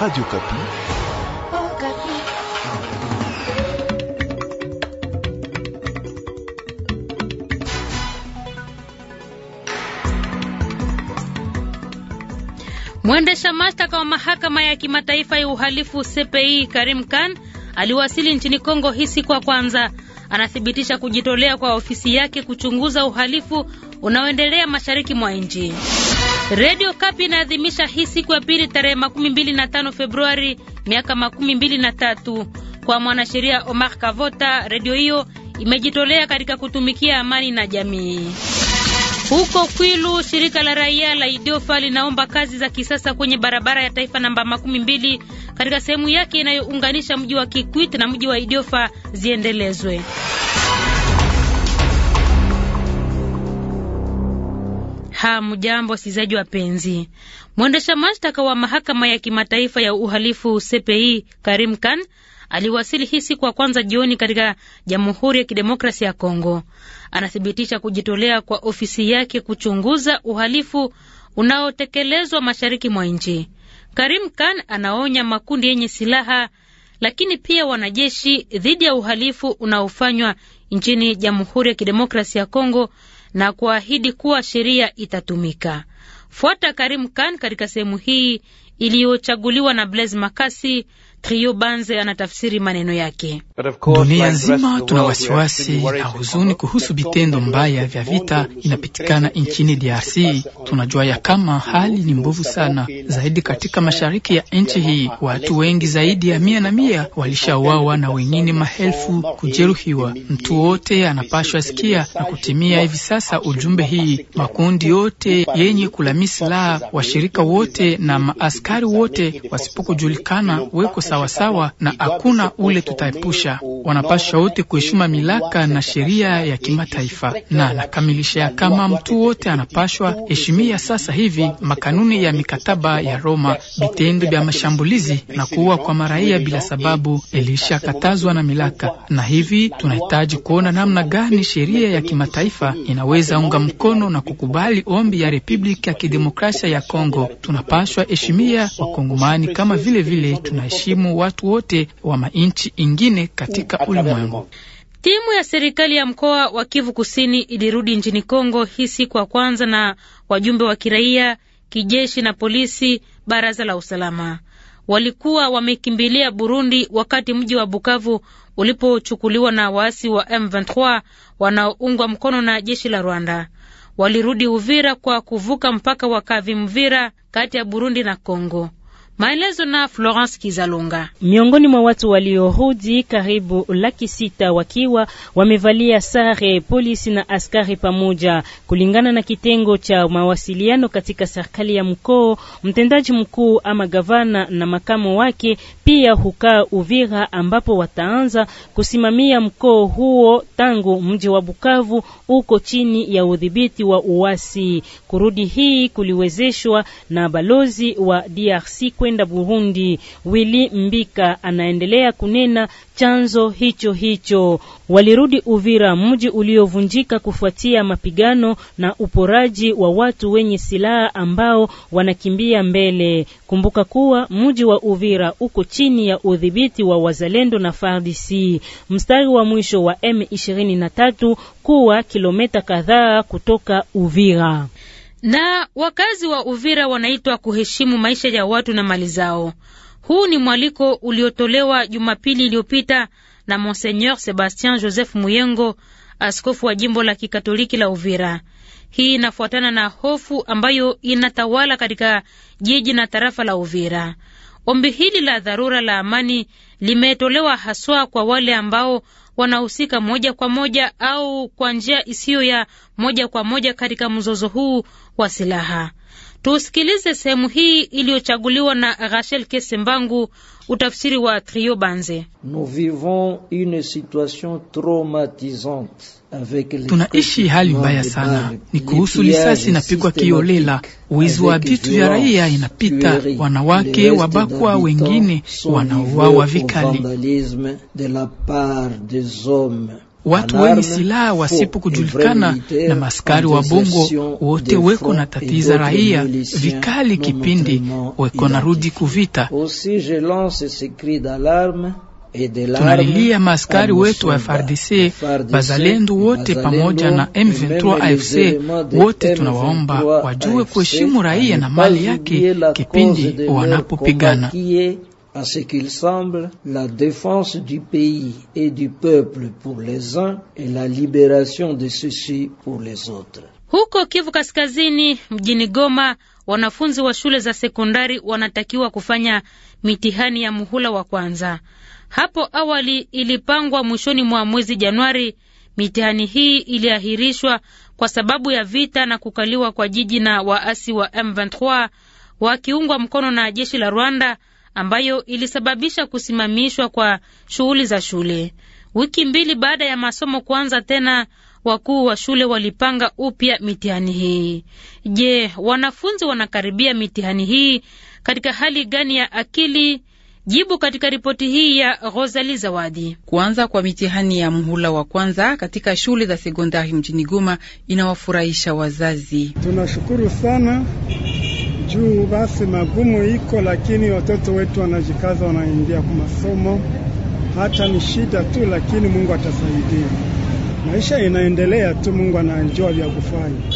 Radio Kapi. Oh, Kapi. Mwendesha mashtaka wa mahakama ya kimataifa ya uhalifu CPI Karim Khan aliwasili nchini Kongo hii siku ya kwanza. Anathibitisha kujitolea kwa ofisi yake kuchunguza uhalifu unaoendelea mashariki mwa nchi. Redio Kapi inaadhimisha hii siku ya pili tarehe 25 Februari miaka 23 Kwa mwanasheria Omar Kavota, redio hiyo imejitolea katika kutumikia amani na jamii. Huko Kwilu, shirika la raia la Idiofa linaomba kazi za kisasa kwenye barabara ya taifa namba makumi mbili katika sehemu yake inayounganisha mji wa Kikwit na mji wa Idiofa ziendelezwe. Hamjambo wasikilizaji wapenzi. Mwendesha mashtaka wa mahakama ya kimataifa ya uhalifu CPI Karim Khan aliwasili hii siku ya kwanza jioni katika Jamhuri ya Kidemokrasia ya Kongo. Anathibitisha kujitolea kwa ofisi yake kuchunguza uhalifu unaotekelezwa mashariki mwa nchi. Karim Khan anaonya makundi yenye silaha lakini pia wanajeshi dhidi ya uhalifu unaofanywa nchini Jamhuri ya Kidemokrasia ya Kongo na kuahidi kuwa sheria itatumika. Fuata Karim Khan katika sehemu hii iliyochaguliwa na Blaise Makasi Trio Banze anatafsiri maneno yake. Dunia nzima tuna wasiwasi na huzuni kuhusu vitendo mbaya vya vita inapitikana nchini DRC. Tunajua ya kama hali ni mbovu sana zaidi katika mashariki ya nchi hii. Watu wengi zaidi ya mia na mia walishawawa na wengine maelfu kujeruhiwa. Mtu wote anapashwa sikia na kutimia hivi sasa ujumbe hii. Makundi yote yenye kulamisi la washirika wote na maaskari wote wasipokujulikana weko sawasawa na hakuna ule tutaepusha. Wanapasha wote kuheshima milaka na sheria ya kimataifa, na nakamilisha ya kama mtu wote anapashwa heshimia sasa hivi makanuni ya mikataba ya Roma. Vitendo vya mashambulizi na kuua kwa maraia bila sababu ilishakatazwa na milaka, na hivi tunahitaji kuona namna gani sheria ya kimataifa inaweza unga mkono na kukubali ombi ya republika ya Kidemokrasia ya Kongo. Tunapashwa heshimia wakongomani kama vile vile tunaheshimu kuheshimu watu wote wa mainchi ingine katika ulimwengu. Timu ya serikali ya mkoa wa Kivu Kusini ilirudi nchini Kongo hii siku ya kwanza na wajumbe wa kiraia, kijeshi na polisi, baraza la usalama. Walikuwa wamekimbilia Burundi wakati mji wa Bukavu ulipochukuliwa na waasi wa M23 wanaoungwa mkono na jeshi la Rwanda. Walirudi Uvira kwa kuvuka mpaka wa Kavimvira kati ya Burundi na Kongo. Maelezo na Florence Kizalunga. Miongoni mwa watu waliorudi karibu laki sita wakiwa wamevalia sare polisi na askari pamoja, kulingana na kitengo cha mawasiliano katika serikali ya mkoo. Mtendaji mkuu ama gavana na makamo wake pia hukaa Uvira, ambapo wataanza kusimamia mkoo huo tangu mji wa Bukavu uko chini ya udhibiti wa uasi. Kurudi hii kuliwezeshwa na balozi wa DRC kwenda Burundi. Willy Mbika anaendelea kunena chanzo hicho hicho. Walirudi Uvira, mji uliovunjika kufuatia mapigano na uporaji wa watu wenye silaha ambao wanakimbia mbele. Kumbuka kuwa mji wa Uvira uko chini ya udhibiti wa wazalendo na FARDC. Mstari wa mwisho wa M23 kuwa kilomita kadhaa kutoka Uvira na wakazi wa Uvira wanaitwa kuheshimu maisha ya watu na mali zao. Huu ni mwaliko uliotolewa Jumapili iliyopita na Monseigneur sebastian Joseph Muyengo, askofu wa jimbo la kikatoliki la Uvira. Hii inafuatana na hofu ambayo inatawala katika jiji na tarafa la Uvira. Ombi hili la dharura la amani limetolewa haswa kwa wale ambao wanahusika moja kwa moja au kwa njia isiyo ya moja kwa moja katika mzozo huu wa silaha. Tusikilize sehemu hii iliyochaguliwa na Rachel Kesembangu, utafsiri wa Trio Banze. Nous vivons une situation traumatisante tunaishi hali mbaya sana, ni kuhusu lisasi inapigwa kiolela, wizi wa vitu vya raia inapita, wanawake wabakwa, wengine wanauawa vikali. Watu wenye silaha kujulikana na maskari wa bongo wote weko na tatiza raia vikali, kipindi weko na rudi kuvita. Tunalilia maskari wetu wa frdc bazalendo wote pamoja na M23 AFC wote, tunawaomba wajue kuheshimu raia na mali yake kipindi wanapopigana à ce qu'il semble, la défense du pays et du peuple pour les uns et la libération de ceux-ci pour les autres. Huko Kivu Kaskazini, mjini Goma, wanafunzi wa shule za sekondari wanatakiwa kufanya mitihani ya muhula wa kwanza. Hapo awali ilipangwa mwishoni mwa mwezi Januari. Mitihani hii iliahirishwa kwa sababu ya vita na kukaliwa kwa jiji na waasi wa M23 wakiungwa mkono na jeshi la Rwanda ambayo ilisababisha kusimamishwa kwa shughuli za shule. Wiki mbili baada ya masomo kuanza tena, wakuu wa shule walipanga upya mitihani hii. Je, wanafunzi wanakaribia mitihani hii katika hali gani ya akili? Jibu katika ripoti hii ya Rosali Zawadi. Kuanza kwa mitihani ya mhula wa kwanza katika shule za sekondari mjini Goma inawafurahisha wazazi. Tunashukuru sana juu basi magumu iko, lakini watoto wetu wanajikaza, wanaingia kwa masomo, hata ni shida tu, lakini Mungu atasaidia. Maisha inaendelea tu, Mungu anajua vya kufanya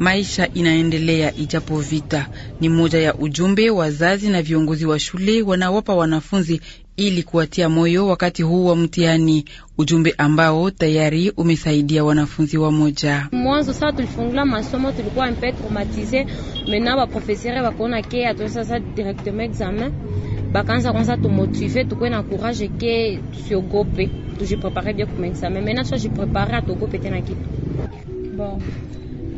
maisha inaendelea ijapo vita. Ni moja ya ujumbe wazazi na viongozi wa shule wanawapa wanafunzi ili kuwatia moyo wakati huu wa mtihani, ujumbe ambao tayari umesaidia wanafunzi wa moja. Mwanzo saa tulifungula masomo tulikuwa mpe traumatize mena waprofesere wakaona ke sa directement examen bakaanza kwanza tumotive tukwe na courage ke tusiogope tujiprepare bia kuma examen mena tuajiprepare atogope tena kitu bon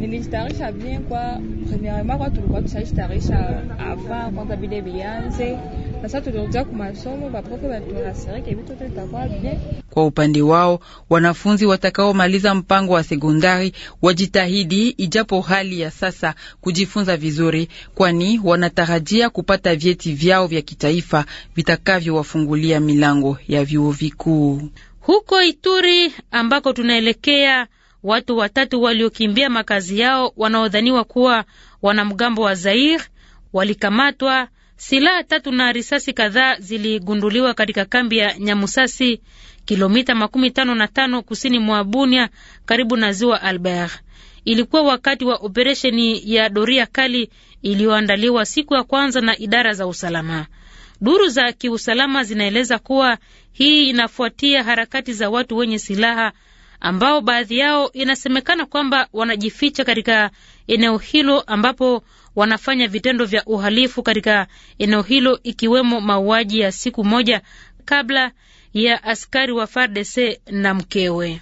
nilistarisha bien kwa premierement, kwa tulikuwa tushastarisha avant kwanza vile vianze na sasa tulirudia kwa masomo baprofe batunasirike vitoto itakuwa bien. Kwa upande wao wanafunzi watakaomaliza mpango wa sekondari wajitahidi, ijapo hali ya sasa, kujifunza vizuri, kwani wanatarajia kupata vyeti vyao vya kitaifa vitakavyowafungulia milango ya vyuo vikuu. Huko Ituri ambako tunaelekea watu watatu waliokimbia makazi yao wanaodhaniwa kuwa wanamgambo wa Zair walikamatwa. Silaha tatu na risasi kadhaa ziligunduliwa katika kambi ya Nyamusasi, kilomita makumi tano na tano kusini mwa Bunia, karibu na ziwa Albert. Ilikuwa wakati wa operesheni ya doria kali iliyoandaliwa siku ya kwanza na idara za usalama. Duru za kiusalama zinaeleza kuwa hii inafuatia harakati za watu wenye silaha ambao baadhi yao inasemekana kwamba wanajificha katika eneo hilo ambapo wanafanya vitendo vya uhalifu katika eneo hilo ikiwemo mauaji ya siku moja kabla ya askari wa FARDC na mkewe.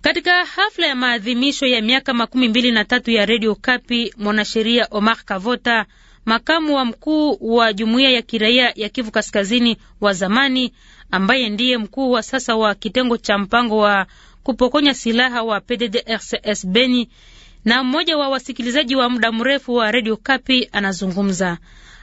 Katika hafla ya maadhimisho ya miaka makumi mbili na tatu ya redio Kapi, mwanasheria Omar Kavota makamu wa mkuu wa jumuiya ya kiraia ya Kivu Kaskazini wa zamani ambaye ndiye mkuu wa sasa wa kitengo cha mpango wa kupokonya silaha wa PDDRCS Beni na mmoja wa wasikilizaji wa muda mrefu wa redio Kapi anazungumza.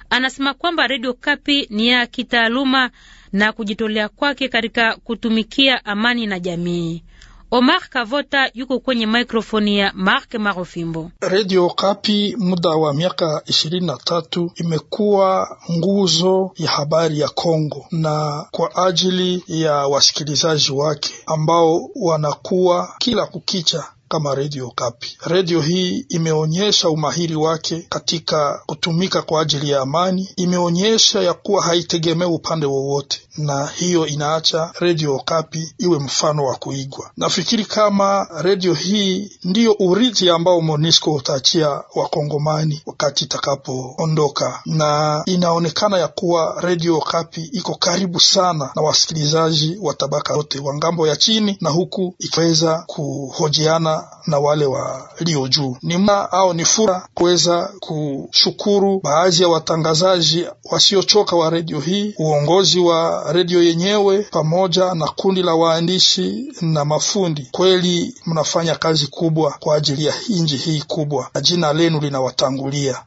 Anasema kwamba redio Kapi ni ya kitaaluma na kujitolea kwake katika kutumikia amani na jamii. Omar Kavota yuko kwenye mikrofoni ya Mark Marofimbo. Radio Kapi muda wa miaka ishirini na tatu imekuwa nguzo ya habari ya Kongo na kwa ajili ya wasikilizaji wake ambao wanakuwa kila kukicha kama redio Kapi. Redio hii imeonyesha umahiri wake katika kutumika kwa ajili ya amani, imeonyesha ya kuwa haitegemee upande wowote na hiyo inaacha redio Okapi iwe mfano wa kuigwa. Nafikiri kama redio hii ndiyo urithi ambao Monisco utaachia Wakongomani wakati itakapoondoka, na inaonekana ya kuwa redio Okapi iko karibu sana na wasikilizaji wa tabaka lote wa ngambo ya chini na huku ikiweza kuhojiana na wale walio juu. Ni mna au ni fura kuweza kushukuru baadhi ya watangazaji wasiochoka wa redio hii, uongozi wa redio yenyewe pamoja na kundi la waandishi na mafundi. Kweli mnafanya kazi kubwa kwa ajili ya nchi hii kubwa, na jina lenu linawatangulia.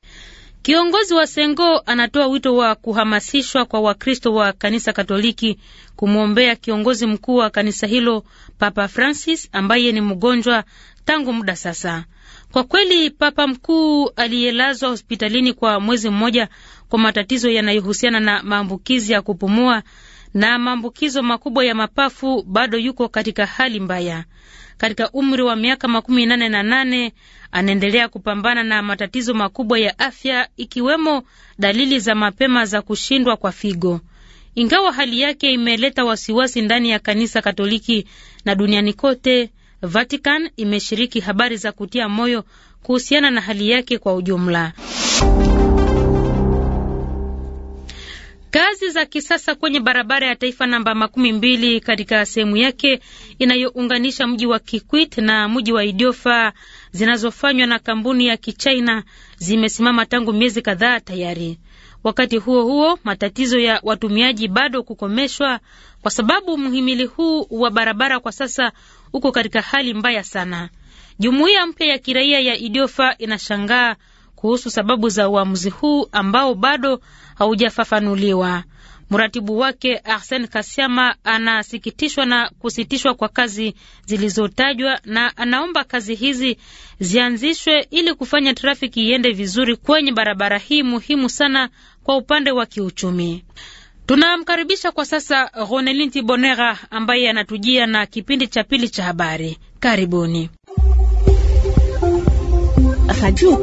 Kiongozi wa Sengo anatoa wito wa kuhamasishwa kwa Wakristo wa kanisa Katoliki kumwombea kiongozi mkuu wa kanisa hilo Papa Francis ambaye ni mgonjwa tangu muda sasa. Kwa kweli, papa mkuu aliyelazwa hospitalini kwa mwezi mmoja kwa matatizo yanayohusiana na maambukizi ya kupumua na maambukizo makubwa ya mapafu bado yuko katika hali mbaya. Katika umri wa miaka makumi nane na nane anaendelea kupambana na matatizo makubwa ya afya ikiwemo dalili za mapema za kushindwa kwa figo. Ingawa hali yake imeleta wasiwasi ndani ya kanisa Katoliki na duniani kote, Vatican imeshiriki habari za kutia moyo kuhusiana na hali yake kwa ujumla. Kazi za kisasa kwenye barabara ya taifa namba makumi mbili katika sehemu yake inayounganisha mji wa Kikwit na mji wa Idiofa zinazofanywa na kampuni ya Kichina zimesimama tangu miezi kadhaa tayari. Wakati huo huo, matatizo ya watumiaji bado kukomeshwa kwa sababu mhimili huu wa barabara kwa sasa uko katika hali mbaya sana. Jumuiya mpya ya kiraia ya Idiofa inashangaa kuhusu sababu za uamuzi huu ambao bado haujafafanuliwa. Mratibu wake Arsen Kasiama anasikitishwa na kusitishwa kwa kazi zilizotajwa na anaomba kazi hizi zianzishwe ili kufanya trafiki iende vizuri kwenye barabara hii muhimu sana kwa upande wa kiuchumi. Tunamkaribisha kwa sasa ronelinti bonera ambaye anatujia na kipindi cha pili cha habari. Karibuni Radio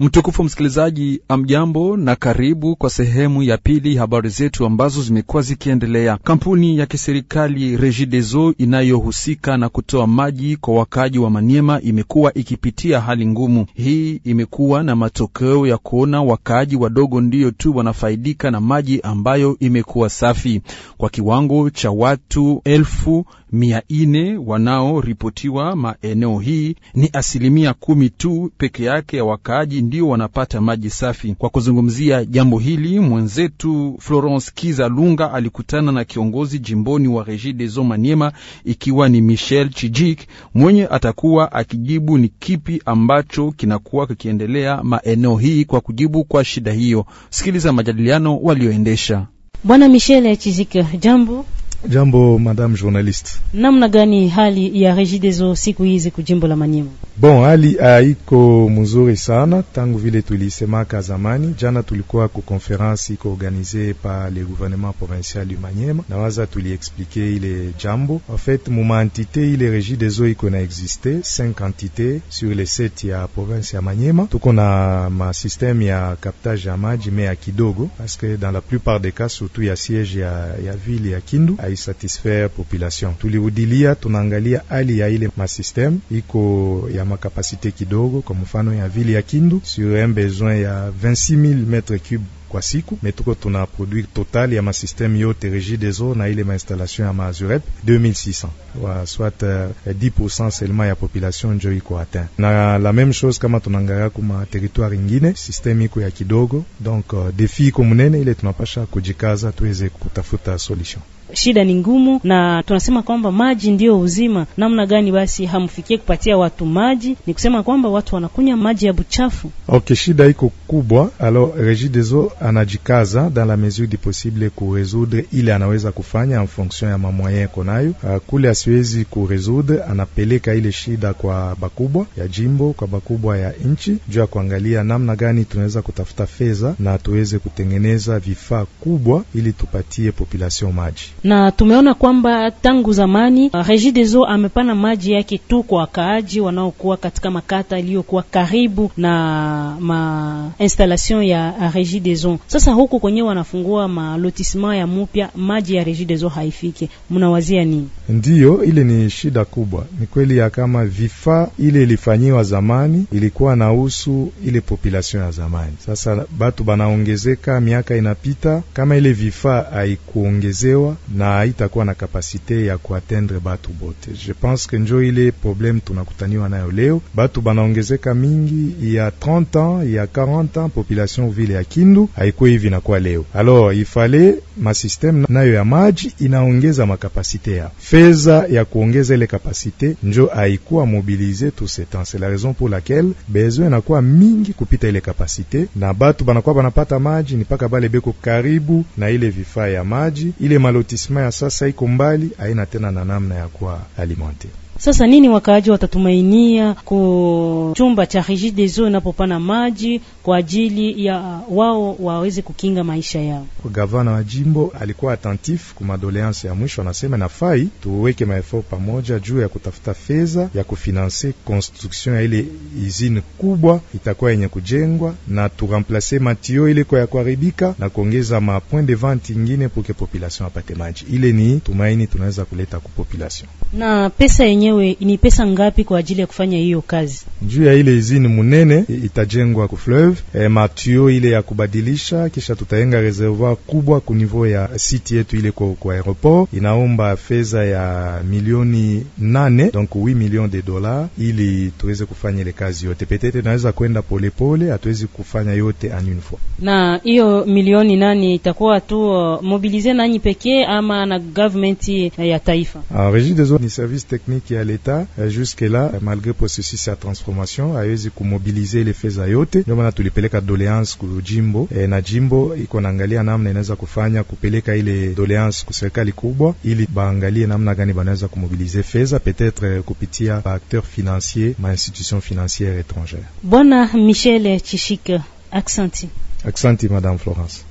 Mtukufu msikilizaji, amjambo na karibu kwa sehemu ya pili habari zetu ambazo zimekuwa zikiendelea. Kampuni ya kiserikali Regideso inayohusika na kutoa maji kwa wakaaji wa Maniema imekuwa ikipitia hali ngumu. Hii imekuwa na matokeo ya kuona wakaaji wadogo ndiyo tu wanafaidika na maji ambayo imekuwa safi kwa kiwango cha watu elfu mia nne wanaoripotiwa maeneo hii ni asilimia kumi tu peke yake ya wakaaji ndio wanapata maji safi. Kwa kuzungumzia jambo hili, mwenzetu Florence Kiza Lunga alikutana na kiongozi jimboni wa Regideso Maniema, ikiwa ni Michel Chijik mwenye atakuwa akijibu ni kipi ambacho kinakuwa kikiendelea maeneo hii kwa kujibu kwa shida hiyo. Sikiliza majadiliano walioendesha. Bwana Michel Chijik, jambo Jambo madame journaliste. Namna gani hali ya Regideso siku hizi kujimbo la Manyema? Bon, hali haiko ah, mzuri sana tangu vile tulisemaka zamani. Jana tulikuwa ku conference iko organisée par le gouvernement provincial du Maniema, na waza il ile jambo. En fait, muma entité ile eaux iko na existe cinq entités sur les 7 ya province ya Maniema. Tuko na ma système ya captage ya maji mais ya kidogo, parce que dans la plupart des cas surtout ya siège ya, ya ville ya Kindu haisatisfaire population. Tuliudilia tunaangalia hali ya ile est iko ya makapasite kidogo, kwa mfano ya vile ya Kindu sur un besoin ya 26000 metre mais kwa siku metuko tuna produit total ya masysteme yote rigide eaux na ile mainstallation ya maazurep 2600 wa soit 10% euh, seulement ya population njo iko atteint, na la même chose kama tunangalia kuma territoire ingine system iko ya kidogo, donc uh, defi est munene, ile tunapasha kujikaza tuweze kutafuta solution. shida ni ngumu, na tunasema kwamba maji ndiyo uzima. Namna gani basi hamfikie kupatia watu maji? Ni kusema kwamba watu wanakunywa maji ya buchafu. Okay, shida iko kubwa. Alors Regideso anajikaza dans la mesure du possible kuresoudre ile anaweza kufanya en fonction ya mamoyen konayo. Ah, kule asiwezi kuresoudre, anapeleka ile shida kwa bakubwa ya jimbo, kwa bakubwa ya nchi, juu ya kuangalia namna gani tunaweza kutafuta fedha na tuweze kutengeneza vifaa kubwa ili tupatie population maji na tumeona kwamba tangu zamani uh, Regideso amepana maji yake tu kwa wakaaji wanaokuwa katika makata iliyokuwa karibu na uh, ma installation ya uh, Regideso. Sasa huku kwenye wanafungua malotisma ya mupya, maji ya Regideso haifiki mnawazia nini? Ndiyo, ile ni shida kubwa. Ni kweli ya kama vifaa ile ilifanyiwa zamani ilikuwa na usu ile population ya zamani. Sasa batu banaongezeka, miaka inapita, kama ile vifaa haikuongezewa na haitakuwa na kapasite ya kuatendre batu bote. Je pense que njo ile probleme tunakutaniwa nayo leo, batu banaongezeka mingi ya 30 ans ya 40 ans, population ville ya Kindu haikuwa hivi kwa leo. Alors ifale masysteme nayo ya maji inaongeza makapasite ya feza ya kuongeza ile kapasite, njo haikuwa mobilize tout ce temps. C'est la raison pour laquelle besoin inakuwa mingi kupita ile kapasite, na batu banakuwa banapata maji ni paka bale beko karibu na ile vifaa ya maji ile maloti alimantesma ya sasa iko mbali, aina tena na namna ya kuwa alimante. Sasa nini wakaaji watatumainia ku chumba cha Regideso inapopana maji kwa ajili ya uh, wao waweze kukinga maisha yao? Gavana wa jimbo alikuwa attentif ku madoleance ya mwisho, anasema nafai tuweke maefort pamoja juu ya kutafuta fedha ya kufinanse construction ya ile usine kubwa itakuwa yenye kujengwa na turemplace matio ile kwa ya kuharibika na kuongeza ma point de vente ingine pour que population apate maji. Ile ni tumaini tunaweza kuleta ku population na pesa yenyewe yenyewe ni pesa ngapi kwa ajili ya kufanya hiyo kazi? Juu ya ile izini munene itajengwa ku fleuve e, matio ile ya kubadilisha, kisha tutaenga reservoir kubwa ku niveau ya site yetu ile kwa, kwa aeroport inaomba fedha ya milioni nane donc 8 millions de dollars ili tuweze kufanya ile kazi yote. Petete naweza kwenda polepole, hatuwezi kufanya yote en une fois. Na hiyo milioni nane itakuwa tu uh, mobilize nanyi pekee ama na government ya taifa? Ah, eaux ni service technique à l'État. Euh, jusque là, malgré processus sa transformation a eu haiwezi mobiliser Nous, fedha yote. Ndio maana tulipeleka doléance ku jimbo e, na jimbo iko naangalia namna inaweza kufanya kupeleka ile doléance ku serikali kubwa, ili baangalie namna gani banaweza kumobiliser FESA. peut-être kupitia euh, ba acteur financier ma institution financière étrangère. Bwana Michel Tchichik. aksanti. Aksanti Madame Florence.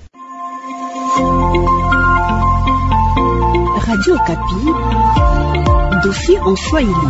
Radio Capille, dossier en élu.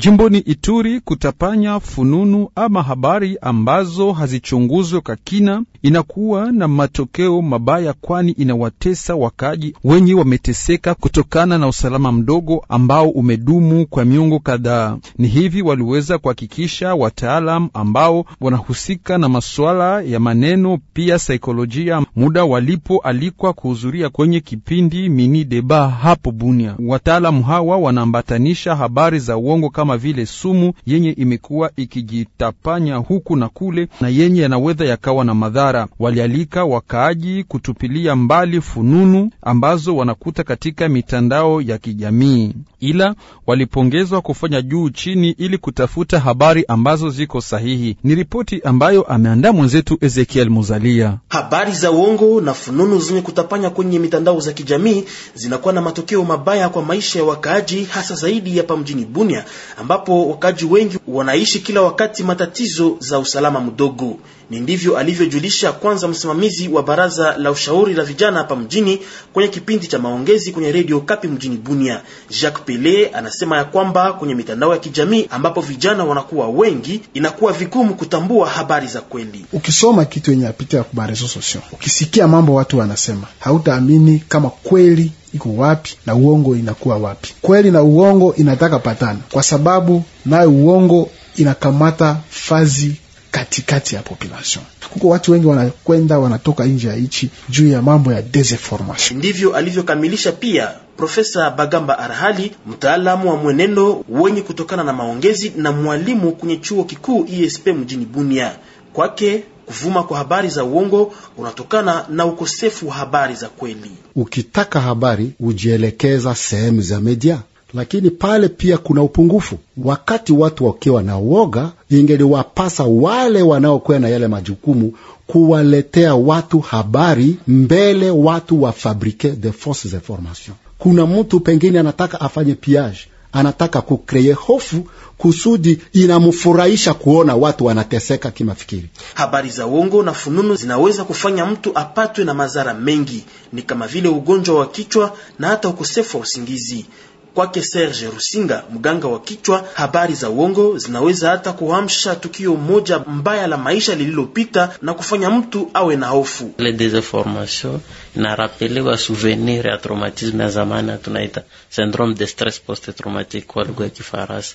Jimboni Ituri kutapanya fununu ama habari ambazo hazichunguzwe kwa kina, inakuwa na matokeo mabaya, kwani inawatesa wakaji wenye wameteseka kutokana na usalama mdogo ambao umedumu kwa miongo kadhaa. Ni hivi waliweza kuhakikisha wataalam ambao wanahusika na masuala ya maneno pia saikolojia, muda walipoalikwa kuhudhuria kwenye kipindi mini deba hapo Bunia. Wataalamu hawa wanaambatanisha habari za uongo kama kama vile sumu yenye imekuwa ikijitapanya huku na kule na yenye yanaweza yakawa na madhara. Walialika wakaaji kutupilia mbali fununu ambazo wanakuta katika mitandao ya kijamii, ila walipongezwa kufanya juu chini ili kutafuta habari ambazo ziko sahihi. Ni ripoti ambayo ameandaa mwenzetu Ezekiel Muzalia. Habari za uongo na fununu zenye kutapanya kwenye mitandao za kijamii zinakuwa na matokeo mabaya kwa maisha ya wakaaji, hasa zaidi hapa mjini Bunia ambapo wakaji wengi wanaishi kila wakati matatizo za usalama mdogo. Ni ndivyo alivyojulisha kwanza msimamizi wa baraza la ushauri la vijana hapa mjini kwenye kipindi cha maongezi kwenye redio Kapi mjini Bunia. Jacques Pele anasema ya kwamba kwenye mitandao ya kijamii ambapo vijana wanakuwa wengi, inakuwa vigumu kutambua habari za kweli. Ukisoma kitu yenye apita ya kubarezo sosio, ukisikia mambo watu wanasema, hautaamini kama kweli iko wapi na uongo inakuwa wapi? Kweli na uongo inataka patana, kwa sababu nayo uongo inakamata fazi katikati ya population. Kuko watu wengi wanakwenda wanatoka nje ya nchi juu ya mambo ya desinformation. Ndivyo alivyokamilisha pia Profesa Bagamba Arhali, mtaalamu wa mwenendo wenye kutokana na maongezi na mwalimu kwenye chuo kikuu ISP e mjini Bunia. Kwake Kuvuma kwa habari za uongo unatokana na ukosefu wa habari za kweli. Ukitaka habari hujielekeza sehemu za media, lakini pale pia kuna upungufu. Wakati watu wakiwa na uoga, ingeliwapasa wale wanaokuwa na yale majukumu kuwaletea watu habari mbele watu wafabrike de fausses informations. Kuna mtu pengine anataka afanye piage anataka kukreye hofu kusudi inamfurahisha kuona watu wanateseka kimafikiri. Habari za uongo na fununu zinaweza kufanya mtu apatwe na madhara mengi, ni kama vile ugonjwa wa kichwa na hata ukosefu wa usingizi. Kwake Serge Rusinga, mganga wa kichwa, habari za uongo zinaweza hata kuamsha tukio moja mbaya la maisha lililopita na kufanya mtu awe na hofu. Ile desinformation inarapelewa souvenir ya traumatisme ya zamani, tunaita syndrome de stress post traumatique kwa lugha ya Kifaransa.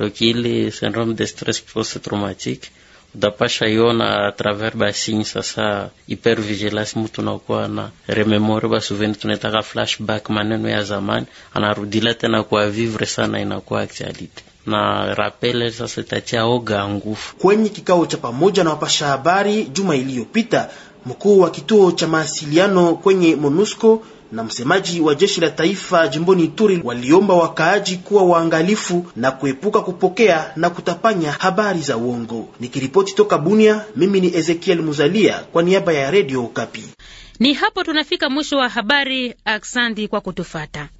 Mm. Ile syndrome de stress post traumatique utapasha iona a travers basini sasa hypervigilance, mtu nakuwa na rememore basuveni, tunaitaka flashback, maneno ya zamani anarudila tena kwa vivre sana, inakuwa actuality na rapele sasa itachia oga nguvu. Kwenye kikao cha pamoja na wapasha habari juma iliyopita, mkuu wa kituo cha mawasiliano kwenye MONUSCO na msemaji wa jeshi la taifa jimboni Ituri waliomba wakaaji kuwa waangalifu na kuepuka kupokea na kutapanya habari za uongo. Nikiripoti toka Bunia, mimi ni Ezekiel Muzalia kwa niaba ya Radio Okapi. Ni hapo tunafika mwisho wa habari. Aksandi kwa kutufata.